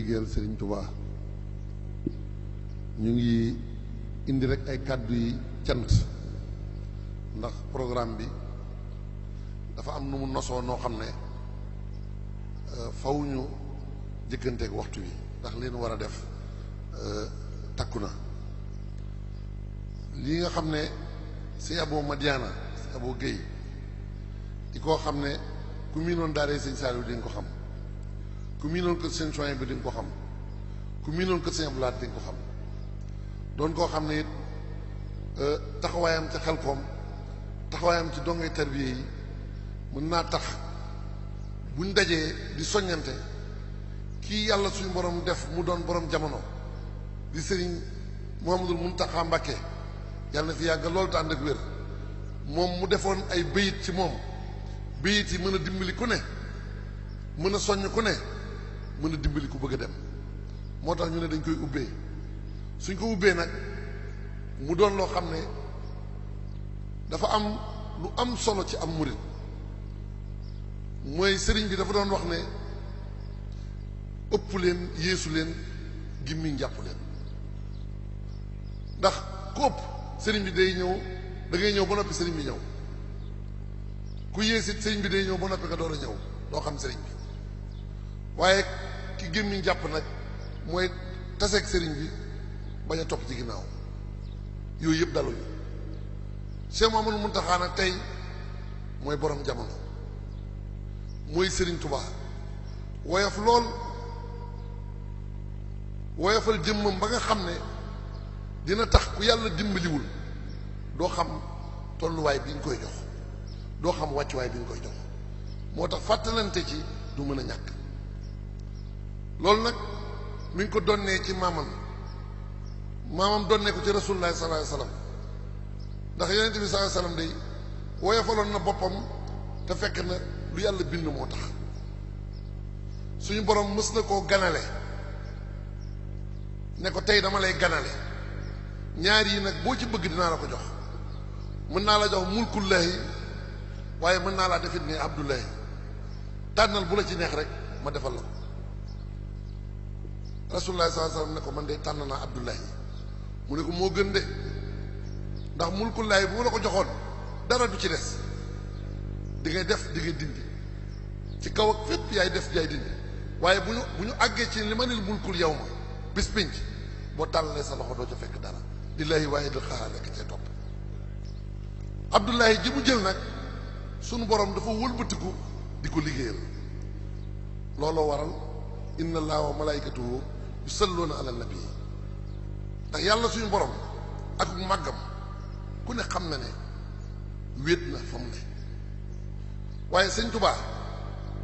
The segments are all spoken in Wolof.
liggéeyal Serigne Touba ñu ngi indi rek ay kàddu yi cant ndax programme bi dafa am nu mu nosoo noo xam ne euh, faw ñu jëkkanteeg waxtu wi ndax leen war a def euh, takku na lii nga xam ne si Abo Madiana si Abo Guèye di koo xam ne ku miinoon daaree Serigne Saliou di nga ko xam ku miinoon kër seen soin bi di nga ko xam ku miinoon kër seen ablaat di ko xam doon koo xam ne it euh, taxawaayam ci xel koom taxawaayam ci dongay tarbiye yi mën naa tax buñ dajee di soññante kii yàlla suñu borom def mu doon boroom jamono di sëriñ Mouhamadul Mountakha Mbacké yàlla fi yàgg loolu te ànd wér moom mu defoon ay béyit ci moom béyit yi mën a dimbali ku ne mën a soññ ku ne mën a dimbali ku bëgg a dem moo tax ñu ne dañ koy ubbee suñ ko ubbee nag mu doon loo xam ne dafa am lu am solo ci am murit mooy sëriñ bi dafa doon wax ne ëpp leen yéesu leen gimmi njàpp leen ndax ku ëpp sëriñ bi day ñëw dangay ñëw ba noppi sëriñ bi ñëw ku yées it sëriñ bi day ñëw ba noppi nga door a ñëw doo xam sëriñ bi waaye ci gémmiñ jàpp nag mooy taseeg sëriñ bi bañ a topp ci ginnaaw yooyu yëpp daluñu Cheikh Mamadou Muntaxa nag tey mooy borom jamono mooy sëriñ Tuubaa woyof lool woyofal jëmmam ba nga xam ne dina tax ku yàlla dimbaliwul doo xam tolluwaay bi ñu koy jox doo xam wàccuwaay bi ñu koy jox moo tax fàttalante ci du mën a ñàkk loolu nag mi ngi ko donnee ci maamam maamam donnee ko ci rasulullah sallallahu alayhi wasallam ndax yonent bi sallallahu alayhi wasallam day woyofaloon na boppam te fekk na lu yàlla bind moo tax suñu borom mës na koo ganale ne ko tey dama lay ganale ñaar yi nag boo ci bëgg dinaa la ko jox mën naa la jox mulkullahi waaye mën naa laa defit ne abdullahi tànnal bu la ci neex rek ma defal la ko rasulullah sallallahu alayhi ne ko man de tànn na abdullahi mu ne ko moo gën de ndax mulkullahi bu la ko joxoon dara du ci des di ngay def di dindi ci kaw ak fépp yaay def yaay dindi waaye bu ñu bu ñu àggee ci li ma nil mulkul yow ma bis pinc boo tàllalee sa loxo doo ca fekk dara lillaahi waahidul qahhaar lekk cee topp abdullahi ji mu jël nag sunu borom dafa wëlbatiku di ko liggéeyal looloo waral inna allaha wa malaikatahu yusalluuna ala nabi ndax yàlla suñu borom ak màggam ku ne xam na ne wéet na fa mu ne waaye sëñ Tuubaa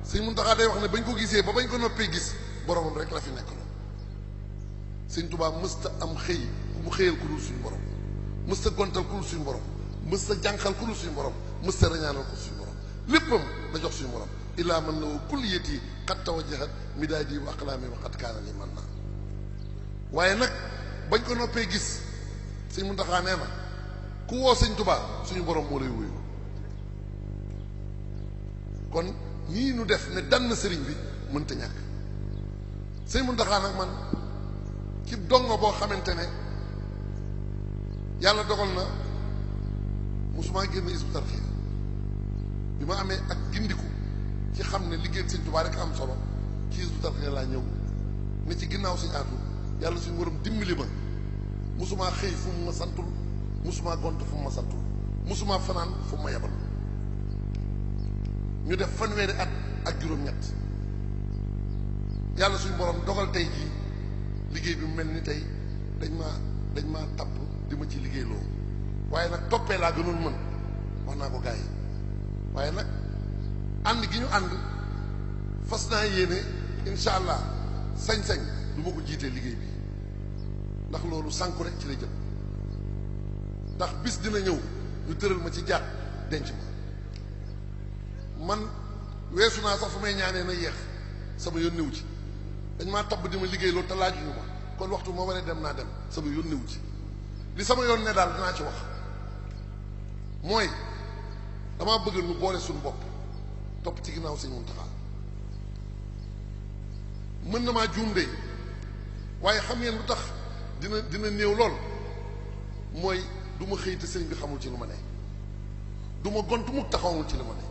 sëñ Muntaxaa day wax ne bañ ko gisee ba bañ ko noppee gis boromam rek la fi nekk loolu sëñ Tuubaa mësta am xëy ku mu xëyal ku dul suñu borom mësta gontal ku dul suñu borom mësta jànqal ku dul suñu borom mësta rañaanal ku dul suñu borom léppam da jox suñu borom illaa man na woo kulliyati qad tawajjahat midaadi wa aqlaami wa qad kaana li man naa waaye nag bañ ko noppee gis sëñ Muntaxa nee na ku woo sëñ Tuubaa suñu borom moo lay wuyu kon nii nu def ne dann sëriñ bi mënta ñàkk sëñ Muntaxa nag man ci dongo boo xamante ne yàlla dogal na musuma génn Hizbut Tarqiyyah bi ma amee ak gindiku ci xam ne liggéey sëñ Tuubaa rek am solo ci Hizbut Tarqiyyah laa ñëw ne ci ginnaaw sëñ Aatu yàlla suñu borom dimbali ma musumaa xëy fu mu ma santul musumaa gont fu mu ma santul musumaa fanaan fu mu ma yebal ñu def fanweeri at ak juróom-ñett yàlla suñu borom dogal tey jii liggéey bi mu mel ni tey dañ ma dañ maa tapp di ma ci liggéey loo waaye nag toppee laa gënoon mën wax naa ko gars yi waaye nag ànd gi ñu ànd fas naa yéene incha allah sañ-sañ du ma ko jiitee liggéey bi ndax loolu sànku rek ci la jëm ndax bis dina ñëw ñu tëral ma ci jaat denc ma man weesu naa sax fu may ñaanee na yeex sama yoon newu ci dañ maa topp di ma liggéey loolu te laajuñu ma kon waxtu ma waree dem naa dem sama yoon newu ci li sama yoon ne daal dinaa ci wax mooy damaa bëgg nu boole suñu bopp topp ci ginnaaw sëñ Muntaxa mën na maa juum de waaye xam ngeen lu tax dina dina néew lool mooy duma ma xëy te sëriñ bi xamul ci lu ma ne du ma gont mukk taxawul ci lu ma ne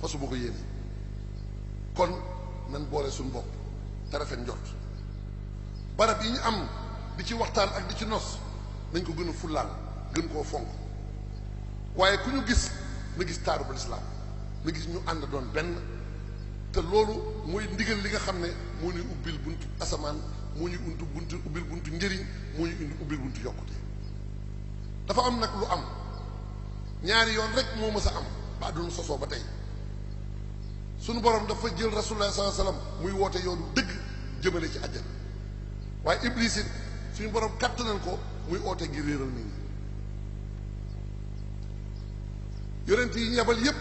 fasu ma ko yéene kon nan boole suñu bopp te rafet njort barab yi ñu am di ci waxtaan ak di ci nos nañ ko gën a gën koo fonk waaye ku ñu gis na gis taaru ba lislaam na gis ñu ànd doon benn te loolu mooy ndigal li nga xam ne moo ñuy ubbil buntu asamaan moo ñu untu buntu ubbil buntu njëriñ moo ñu indi ubbil buntu yokkute dafa am nag lu am ñaari yoon rek moo mës a am ba àdduna sosoo ba tey sunu borom dafa jël rasulullah sallallahu alayhi muy woote yoonu dëgg jëmale ci àjjana waaye iblis it suñu borom kàttanal ko muy oote gi réeral nit ñi yonent yi ñebal yépp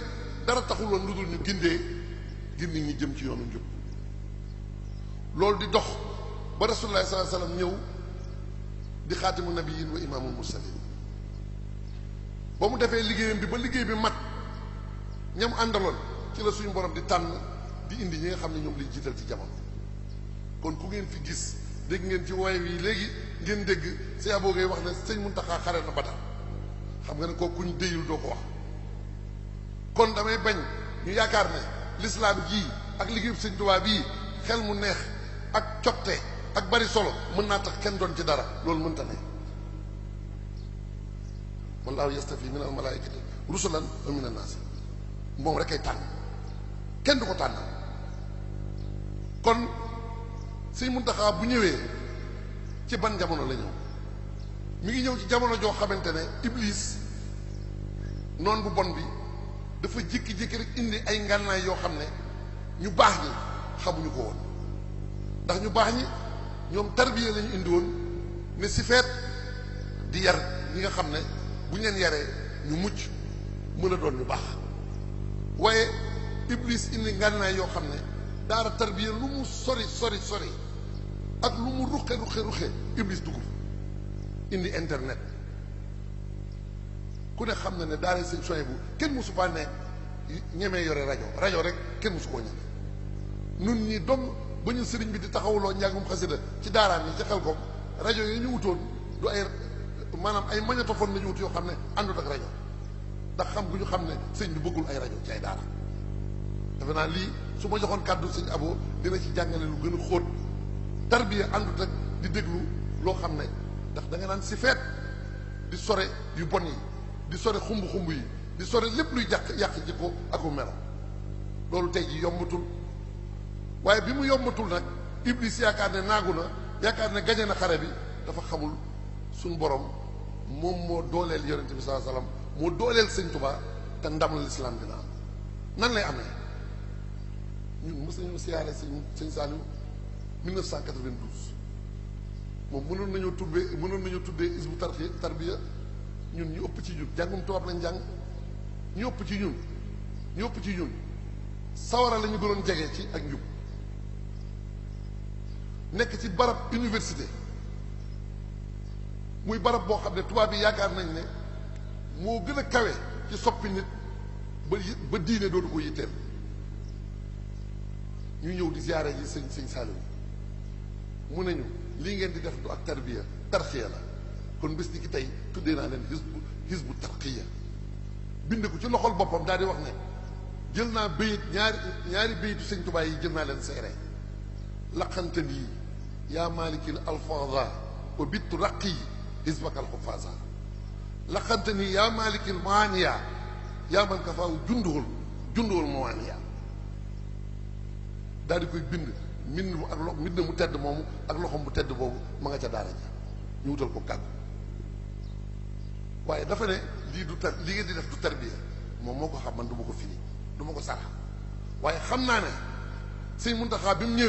dara taxuloon lu dul ñu gindee ngir nit jëm ci yoonu njub loolu di dox ba rasulullah sallallahu alayhi wasallam ñëw di xaatimu nabiyyin wa imaamul mursalin ba mu defee liggéeyam bi ba liggéey bi mat ñam àndaloon ci la suñu borom di tànn di indi ñi nga xam ne ñoom lañ jiital ci jamono kon ku ngeen fi gis dégg ngeen ci woy yi léegi ngeen dégg say aboo ngay wax ne sëñ Muntaxa xare na Badar xam nga ne kooku kuñ déyul doo ko wax kon damay bañ ñu yaakaar ne lislaam jii ak liggéeyu sëñ Tuubaa bii xel mu neex ak copte ak bari solo mën naa tax kenn doon ci dara loolu mënta ne wallaahu yastafi min al malaikati rusulan wa min annaas moom rek ay tànn kenn du ko tànn kon sëñ Muntaxa bu ñëwee ci ban jamono la ñëw mi ngi ñëw ci jamono joo xamante ne iblis noon bu bon bi dafa jékki-jékki rek indi ay ngànnaay yoo xam ne ñu baax ñi xamuñu ko woon ndax ñu baax ñi ñoom tarbiya lañu indi woon ne si feet di yar ñi nga xam ne bu ñu leen yaree ñu mucc mën a doon ñu baax waaye iblis indi ngànnaay yoo xam ne daara tarbiya lu mu sori sori sori ak lu mu ruqe ruqe ruqe iblis dugub indi internet ku ne xam na ne daara seen soye bu kenn mosu faa ne yore rajo rajo rek kenn mosu koo ñeme nun ñi doom ba ñu bi di taxawloo njàngum xasida ci daaraan yi ci xel kom rajo yi ñu wutoon du ay maanaam ay magnétophone la ñu wut yoo xam ne àndut ak rajo ndax xam gu ñu xam ne sëñ bi bëggul ay rajo ci ay daara defe naa lii su ma joxoon kàddu sëñ abo dina ci jàngale lu gën a xóot tarbiya àndut ak di déglu loo xam ne ndax da nga naan si feet di sore yu bon yi di sore xumb xumb yi di sore lépp luy jàq yàq jikko ak u mero loolu tey ji waaye bi mu yombatul nag iblis yaakaar ne naagu na yaakaar ne gañe na xare bi dafa xamul suñu borom moom moo dooleel yonente bi saa salaam moo dooleel sëñ Tuubaa te ndam la lislaam dina am nan lay amee ñun mës nañu siyaare sëñ sëñ Saliou 1992 moom mënoon nañoo tuddee mënoon nañoo tuddee isbu tarbiya tarbiya ñun ñu ëpp ci ñun jàngum tubaab lañ jàng ñu ëpp ci ñun ñu ëpp ci ñun sawara lañu ñu gënoon jege ci ak njub nekk ci barab université muy barab boo xam ne tubaab yi yaakaar nañ ne moo gën a kawe ci soppi nit ba ba diine dootu ko yitteel ñu ñëw di ziyaare yi sëñ sëñ Saliou mu nañu lii ngeen di def du ak tarbiya tarxiya la kon bés ni ki tey tuddee naa leen hisbu hisbu tarxiya bind ko ci loxol boppam daal di wax ne jël naa bayit ñaari ñaari bayitu sëñ tubaay yi jël naa leen seere لقنت بي يا مالك الألفاظ وبت رقي حزبك الحفاظ لقنتني يا مالك المانيا يا من كفاه جنده جنده الموانيا داري كوي بند من من متد مومو اك لوخم متد بوبو ماغا تا دارا جا نيوتال واي دا لي دو تر لي دي داف تربيه مو موكو خام دو موكو فيني دو موكو سارح واي خمنا ني سي منتخب بيم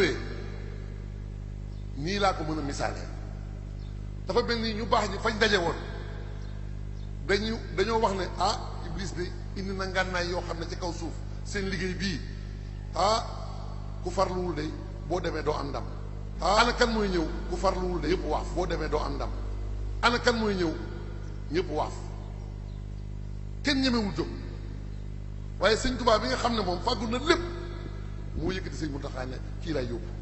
nii laa ko mën a misaale dafa benn ni ñu baax ñi fañ daje woon dañu dañoo wax ne ah iblis bi indi na ngànnaay yoo xam ne ci kaw suuf seen liggéey bii ah ku farluwul day boo demee doo am ndam ah, kan mooy ñëw ku farluwul day yëpp waaf boo demee doo am ndam ana kan mooy ñëw ñëpp waaf kenn ñemewul jóg waaye sëñ Tuubaa bi nga xam ne moom fàggu na lépp moo yëkkati sëñ Muntaxaa ne kii lay yóbbu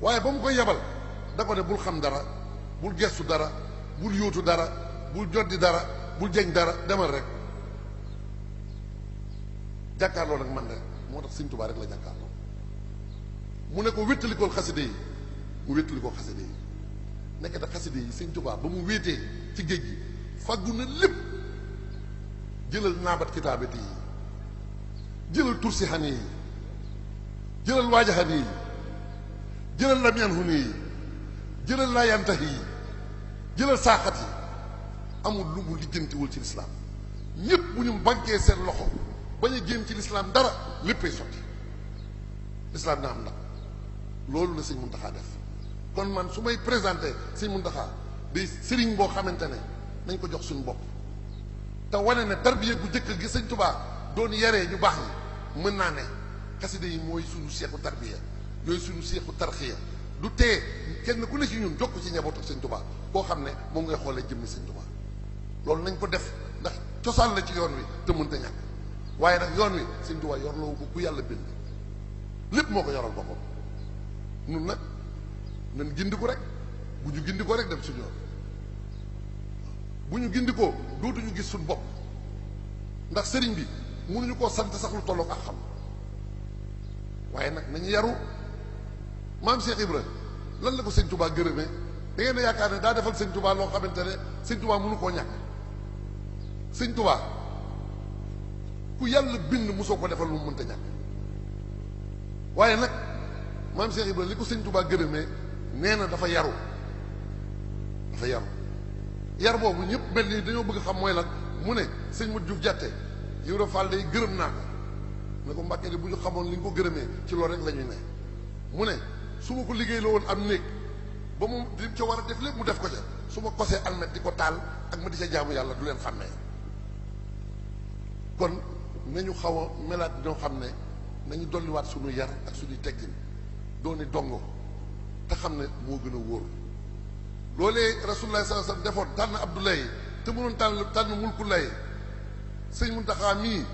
waaye ba mu koy yebal da ko ne bul xam dara bul gestu dara bul yóotu dara bul joddi dara bul jëñ dara demal rek jàkkaarloo nag man rek moo tax Sëñ Tuubaa rek la jàkkaarloo mu ne ko wéttalikool xaside yi mu wéttalikool xaside yi nekkete xaside yi Sëñ Tuubaa ba mu wéetee ci géej gi fàggu na lépp jëlal naabat kitaabati yi jëlal tursi xan yi jëlal waajaxan yi jëlal lam yan xune yi jëlal laa yantax yi jëlal saaxat yi amul lu mu lijjantiwul ci lislaam ñëpp bu ñu bankee seen loxo bañ a génn ci lislaam dara léppay sotti lislaam na am ndam loolu la sëñ Muntaxa def kon man su may présenté sëñ Muntaxa day sëriñ boo xamante ne nañ ko jox suñu bopp te wane ne tarbiya gu jëkk gi sañ Tubaa doon yaree ñu baax ñi mën naa ne xasida yi mooy suñu seexu tarbiya ñooy suñu seexu tarxiya du tee genn ku ne ci ñun jokk ci njabootu sëñ Tuubaa boo xam ne moom ngay xoolee jëmmi sëñ Tuubaa loolu nañ ko def ndax cosaan la ci yoon wi te mënta ñàkk waaye nag yoon wi sëñ Tuubaa yor la ko ku yàlla bind lépp moo ko yoral boppam nun nag nan gindi ko rek bu ñu gindi ko rek dem suñu yoon bu ñu gindi ko dootuñu gis suñu bopp ndax sëriñ bi mënuñu koo sant sax lu tolloog ak xam waaye nag nañu yaru maam Cheikh Ibra lan la ko sëñ Touba gërëmee da ngeen a yaakaar ne daa defal sëñ Touba loo xamante ne sëñ Touba mënu koo ñàkk sëñ Touba ku yàlla bind mosoo ko defal lu mu mënta ñàkk waaye nag maam Cheikh Ibra li ko sëñ Touba gërëmee nee na dafa yaru dafa yaru yar boobu ñëpp mel ni dañoo bëgg xam mooy lan mu ne sëñ Modou Diouf jàtte yow dafa fàll day gërëm naa ko ne ko Mbàkke di bu ñu xamoon li ñu ko gërëmee ci loolu rek la ñuy ne mu ne. su ma ko liggéey la woon am néeg ba mu di ca war a def lépp mu def ko ca su ma kosee almet di ko taal ak ma di ca jaamu yàlla du leen xàmmee kon nañu xaw a melaat ñoo xam ne nañu dolliwaat suñu yar ak suñuy teggin dooni dongo te xam ne moo gën a wóor loolee rasulullah sallallahu alayhi sa defoon tànn Abdoulaye te mënoon tànn tànn mulku lay sëñ Muntaxa mii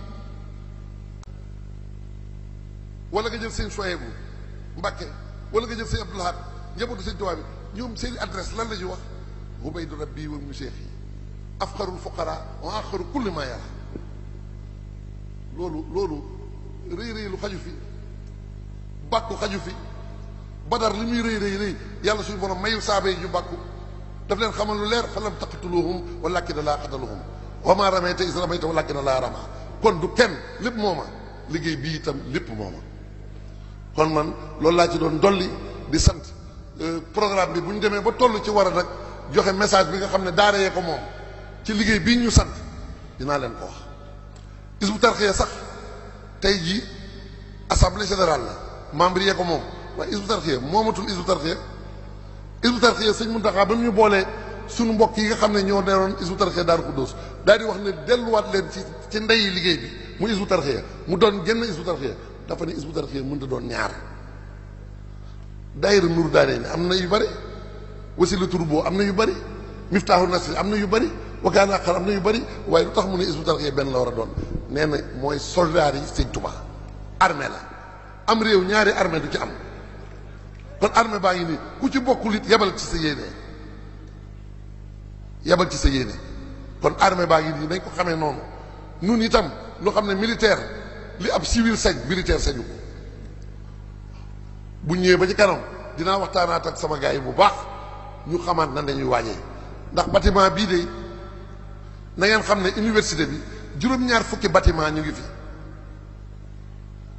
wala nga jël sëñ Soyebu Mbàkke ولا نجي في أبلهار جابوا سيد توابي يوم سيد أدرس لا نجوا هو بيد ربي ومشيخي أفقر الفقراء وآخر كل ما يرى لولو لولو ري ري لو خجفي باكو خجفي بدر لمي ري ري ري يالله سوي بنا مايو سابي جو باكو تفلين خمالو لير فلم تقتلوهم ولكن لا قتلوهم وما رميت إذا رميت ولكن لا رمى كون دو كن لب موما لجي بيتم لب موما kon man loolu laa ci doon dolli di sant euh, programme bi bu ñu demee ba toll ci war a nag joxe message bi nga xam ne daara yee ko moom ci liggéey bii ñu sant dinaa leen ko wax Hizbut Tarqiyyah sax tey jii assemblée général la membre yee ko moom waaye Hizbut Tarqiyyah moomatul Hizbut Tarqiyyah Hizbut Tarqiyyah sëñ Mountakha ba mu ñu boolee suñu mbokk yi nga xam ne ñoo neeroon Hizbut Tarqiyyah Daaru Xuddoos daal di wax ne delluwaat leen ci ci ndeyi liggéey bi mu Hizbut Tarqiyyah mu doon génn Hizbut dafa ne Hizbut Tarqiyyah mënta doon ñaar daayira Nuuru Daarayni am na yu bëri Wasila Turbo am na yu bëri Miftaahu Nasri am na yu bëri Wakana Aqar am na yu bëri waaye lu tax mu ne Hizbut Tarqiyyah benn la war a doon nee mooy soldaar yi Sëñ Tuubaa armée la am réew ñaari armée du ci am kon armée baa ngi nii ku ci bokkul it yebal ci sa yéene yebal ci sa yéene kon armée baa ngi nii dañ ko xamee noonu nun itam nu xam ne militaire li ab civil sañ militaire sañu ko bu ñëwee ba ci kanam dinaa waxtaanaat ak sama gars yi bu baax ñu xamaat nan dañuy waajee ndax batiment bii de na xam ne université bi juróom-ñaar fukki batiment ñu ngi fi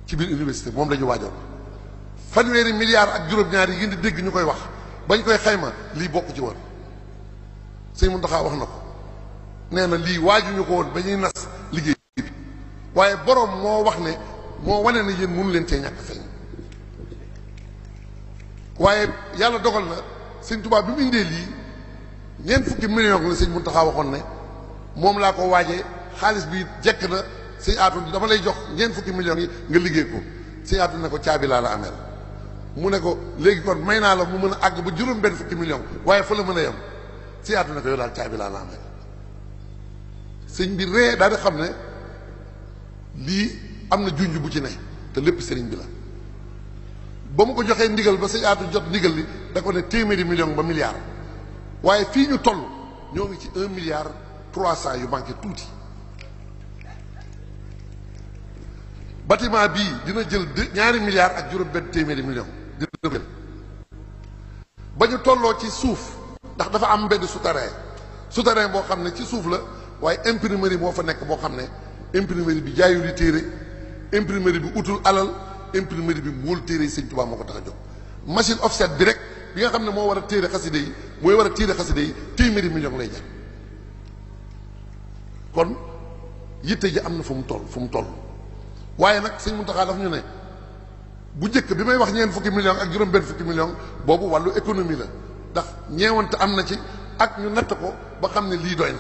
ci biir université moom lañuy ñu waajoon fanweeri milliards ak juróom-ñaar yi dégg ñu koy wax bañ koy xayma lii bokk ci woon sëñ Mountakha wax na ko nee na lii waajuñu ko woon ba ñuy nas liggéey. waaye boroom moo wax ne moo wane ne yéen mënu leen cee ñàkk feeñ waaye yàlla dogal na sëñ Tuubaa bi mu indee lii ñeent fukki million la sëñ taxa waxoon ne moom laa ko waajee xaalis bi jekk na sëñ Aatu dama lay jox ñeent fukki million yi nga liggéey ko sëñ Aatu ne ko caabi laa la ameel mu ne ko léegi kon may naa la mu mën a àgg ba juróom benn fukki million waaye fa la mën a yem sëñ Aatu ne ko yow daal caabi laa la ameel sëñ bi ree daal xam ne lii am na junj bu ci ne te lépp sëriñ bi la ba mu ko joxee ndigal ba sëñ aatu jot ndigal li da ko ne téeméeri million ba milliard waaye fii ñu toll ñoo ngi ci un milliard trois cent yu manqué tuuti bâtiment bii dina jël ñaari milliards ak juróom-benn téeméeri million dina jël ba ñu tolloo ci suuf ndax dafa am mbedd souterrain souterrain boo xam ne ci suuf la waaye imprimerie moo fa nekk boo xam ne imprimerie bi jaayul di téere imprimerie bi utul alal imprimerie bi muul téere yi sëñ Tuubaa moo ko tax a jóg machine offset bi rek bi nga xam ne moo war a téere xaside yi mooy war a téere xaside yi téeméeri million lay jar kon yitte ji am na fu mu toll fu mu toll waaye nag sëñ Muntaxa daf ñu ne bu njëkk bi may wax ñeent fukki million ak juróom-benn fukki million boobu wàllu économie la ndax ñeewante am na ci ak ñu natt ko ba xam ne lii doy na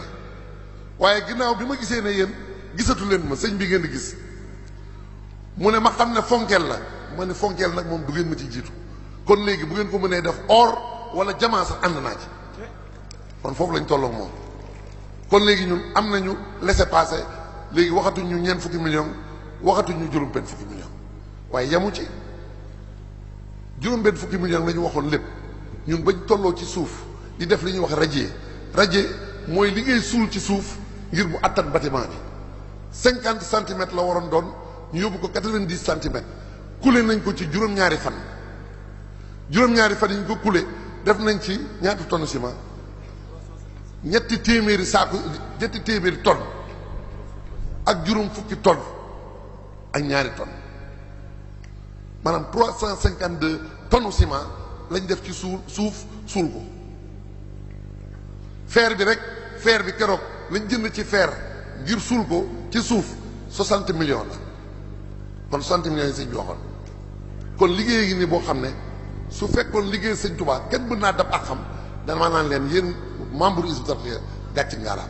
waaye ginnaaw bi ma gisee ne yéen gisatu leen ma sëñ bi ngeen di gis mu ne ma xam ne fonkeel la ma ne fonkeel nag moom du ngeen ma ci jiitu kon léegi bu ngeen ko mënee def or wala jamaa sax ànd naa ci kon foofu lañu tolloog moom kon léegi ñun am nañu laissez-passer léegi waxatuñu ñu ñeent fukki million waxatuñu ñu juróom-benn fukki million waaye yamu ci juróom-benn fukki million la ñu waxoon lépp ñun bañ tolloo ci suuf di def li ñuy wax radier radier mooy li ngay suul ci suuf ngir mu attan bâtiment bi cinquante centimètres la waroon doon ñu yóbbu ko quatre-vingt-dix centimètres kule nañ ko ci juróom-ñaari fan juróom-ñaari fan yi ñu ko kule def nañ ci ñaata tonne ciment ñetti téeméeri saaku ñetti téeméeri tonne ak juróom fukki tonne ak ñaari tonne maanaam trois cent cinquante deux tonnes ciment lañ def ci suuf suuf suul ko fer bi rek feer bi keroog lañ jënd ci feer ngir suul ko ci suuf 60 million la kon 60 millions yi sëñ bi kon liggéey yi nii boo xam ne su fekkoon liggéey sëñ Tuubaa kenn mën naa dab ak xam dana maa naan leen yéen membre Hizbut Tarqiyyah gàcc ngaaraam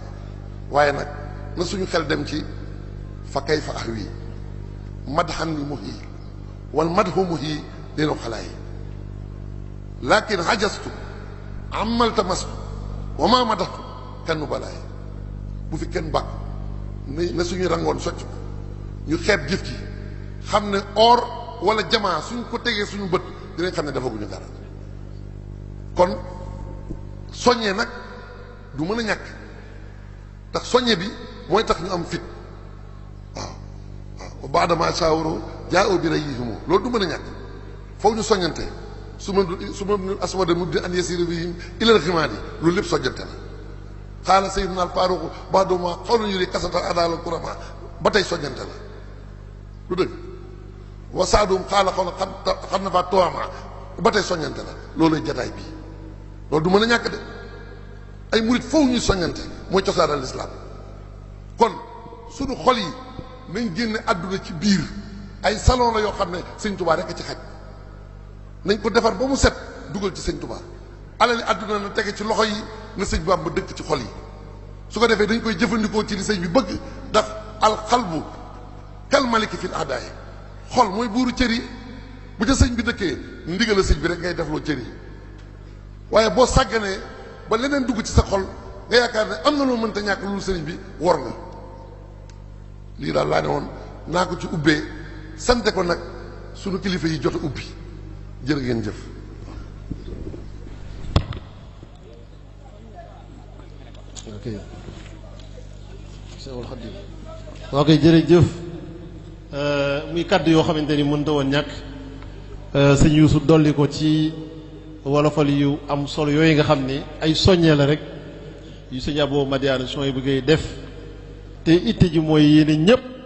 waaye nag na suñu xel dem ci fa kay fa ahwi madhan li muhi wal madhu muhi linu xalaa yi lakin hajastu amaltamastu wa ma madahtu kenn balaayi bu fi kenn bàkk na suñu rangoon socc ko ñu xeeb jëf ji xam ne or wala jamaa suñ ko tegee suñu bët dinañ xam ne defaguñu dara kon soññee nag du mën a ñàkk ndax soññe bi mooy tax ñu am fit waaw waaw ba adama saawaro jaa bi rey yi humoo loolu du mën a ñàkk foofu ñu soññante su ma su ma aswada mu di an yasira bihim ilal ximaat yi loolu lépp soññante la xaala sayyiduna al faaruq baaduma xawlun yuri kasatal adal kurama ba tey soññante wa saadum xaala xawla xam na fa tuwama ba tey soññante la looluy jataay bii loolu du mën a ñàkk de ay murit foofu ñuy soññante mooy cosaanal lislaam kon suñu xol yi nañ génne àdduna ci biir ay salon la yoo xam ne sëñ tubaa rek ci xaj nañ ko defar ba mu set dugal ci sëñ tubaa alali àdduna na tege ci loxo yi na sëñ Bàmba dëkk ci xol yi su ko defee dañ koy jëfandikoo ci li sëñ bi bëgg ndax alxalbu kal maliki fil aadaay xol mooy buuru cëri bu ca sëñ bi dëkkee ndigal a sëñ bi rek ngay defloo cër yi waaye boo sàgganee ba leneen dugg ci sa xol nga yaakaar ne am na loo mënta ñàkk lu sëriñ bi wor nga lii daal laa ne woon naa ko ci ubbee sante ko nag sunu kilifa yi jot a ubbi jërë ngeen jëf ok Cheikhul Khadim waa koy jërëjëf euh, muy kàddu yoo xamante ni mënta woon ñàkk euh, sëñ Yuusu dolli ko ci wolofal yu am solo yooyu nga xam ni ay soññee la rek yu sëñ Abou Madiane sooy bëggee def te itte ji mooy yéene ñëpp